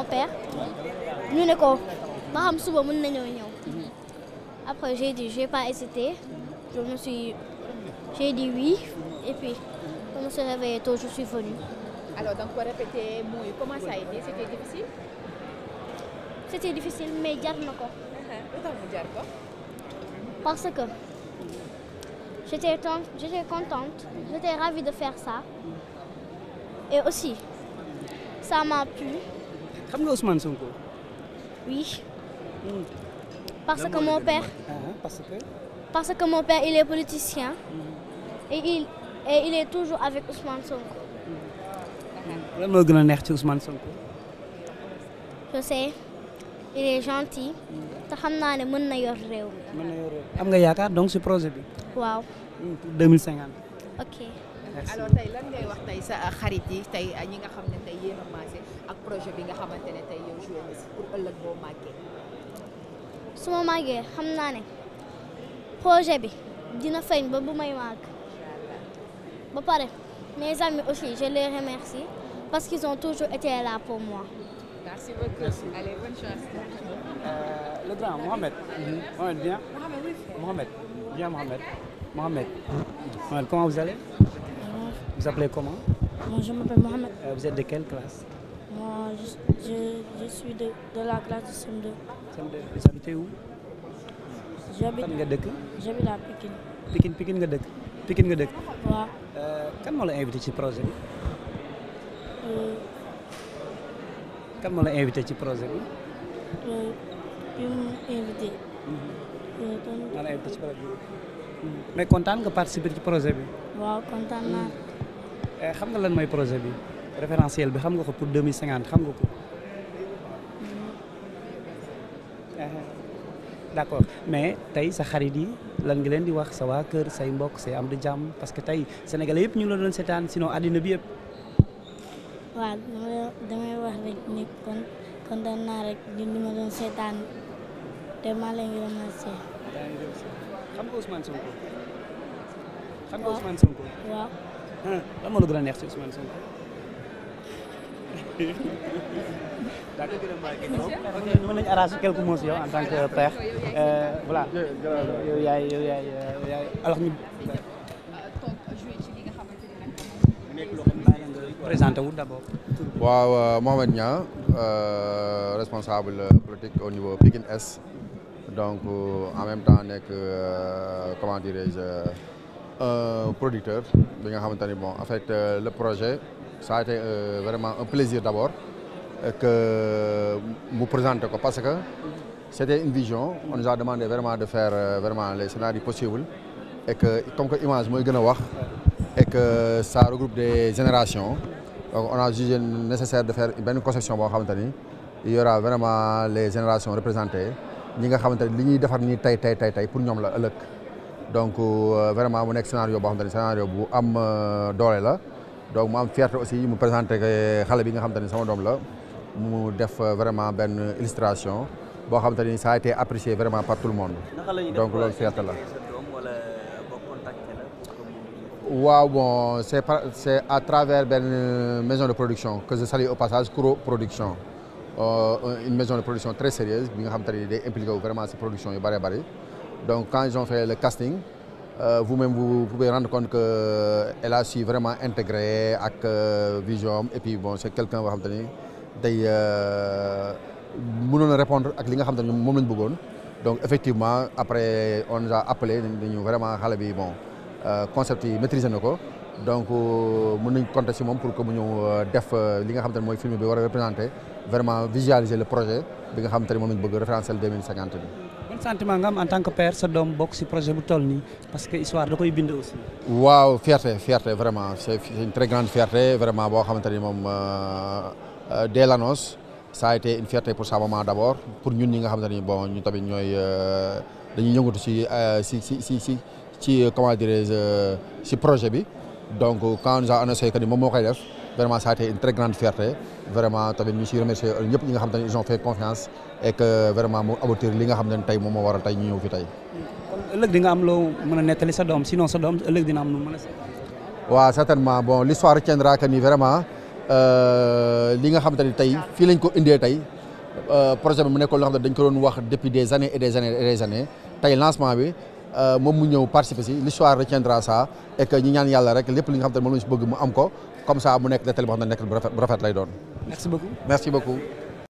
mon père. nous ne pas après j'ai dit je j'ai pas hésité je me suis j'ai dit oui et puis quand on s'est réveillé tôt je suis venue. alors donc pour répéter comment ça a été c'était difficile. c'était difficile mais j'ai na encore. Uh-huh. parce que j'étais j'étais contente j'étais ravie de faire ça et aussi ça m'a plu xam nga Ousmane Sonko. oui. Hmm. Ah, ah, parce que mon père. parce que. mon père il est politicien. Hmm. et il est toujours avec Ousmane Sonko. Hmm. Sonko. je sais il est gentil. je sais qu'il ne yor projet Wow. 2050. ok alors tey lan projet que tu as joué pour projet mes amis aussi je les remercie parce qu'ils ont toujours été là pour moi. Merci beaucoup. Allez, bonne chance. Euh, le grand, Mohamed. Mm-hmm. Mohamed, viens. Mohamed, oui. Mohamed, viens, Mohamed. Mohamed, comment vous allez vous appelez comment Moi, je m'appelle Mohamed. Euh, vous êtes de quelle classe Moi, je, je, je suis de, de, la classe de CM2. CM2, vous habitez où J'habite à Pékin. Pékin, Pékin nga Pékin nga dëkk. Quand euh, moo la invité ci projet Quand euh. kan moo invité ci projet bi. kii invité. on la invité mm-hmm. mais content de participer ci projet bi. waaw Eh, xam nga lan mooy projet bi référentiel bi xam nga ko pour 2050 xam nga ko eh, d'accord mais tay sa xarit yi lan nga leen di wax sa waa kër say mbokk say am di jam parce que tay sénégalais yëpp ñu la doon sétane sinon adina bi yëpp waaw damay wax rek ni kon kon kontaan naa rek di li ma doon seetaan te maa leen ngi remercier xam nga Ousmane Sonko xam nga Ousmane Sonko waaw lan moo la gën a neex ci Ousmane Sonko. mën nañu arracher quelques mots en tant que père euh, voilà présenté wu d'abord. waaw euh, Mohamed euh, responsable politique au niveau Pikine Est donc en même temps nekk comment dirais-je. un euh, producteur fait euh, le projet ça a été euh, vraiment un plaisir d'abord que vous présenter parce que c'était une vision on nous a demandé vraiment de faire vraiment les scénarios possibles et que comme que est et que ça regroupe des générations on a jugé nécessaire de faire une conception il y aura vraiment les générations représentées Nous avons fait ni de pour donc euh, vraiment un scénario boo xam scénario bu am euh, donc mu am aussi mu me xale bi nga xam te ne sama doom la mu def euh, vraiment une illustration xam ça a été apprécié vraiment par tout le monde donc loolu fierté la waaw bon c'est c'est à travers une maison de production que je salue au passage Kuro Production une maison de production très sérieuse qui nga xam impliqué vraiment cette production yu donc quand ils ont fait le casting, euh, vous-même vous pouvez rendre compte qu'elle euh, a su vraiment intégrer avec euh, Vision. Et puis bon, c'est quelqu'un qui euh, répondre à ce que nous voulons. Donc effectivement, après on nous a appelé, nous vraiment le bon, euh, concept maîtrisé. Donc nous avons compté sur pour que nous def faire nga xamanteni moy film bi représenter vraiment visualiser le projet bi nga référence mom référentiel 2050 sentiment nga am en tant que père sa doom bokk si projet bu toll nii parce que histoire da koy bind aussi. waaw fierté fierté vraiment c' est une très grande fierté vraiment boo ne ni moom euh, euh, dès l' nos ça a été une fierté pour sa maman d' abord pour ñun ñi nga xamante ni bon ñu tamit ñooy euh, dañuy yëngatu si si si si si ci comment dirais si projet bi donc quand nous a annoncé que ni moom moo koy def. vraiment ça a été une très grande fierté vraiment tamit ñu siy remercier ñëpp ñi nga xam te mu aboutir li nga ñu ñëw fi tey. ëllëg di am loo mën a nettali sa sinon sa ëllëg dina am lu mën a. waaw certainement bon l'histoire retiendra que ni vraiment euh, li nga xam te ne fii lañ ko indee tey euh, projet bi mu nekkoon loo xam ne dañ ko doon wax depuis des années et des années et des années tey lancement bi. Euh, moom mu ñëw participer si l'histoire retiendra ça et ñaan yàlla rek lépp li nga xam te ne mu am ko comme ça mu nekk nettali boo xam ne nekk bu rafet bu rafet lay doon. merci beaucoup merci beaucoup.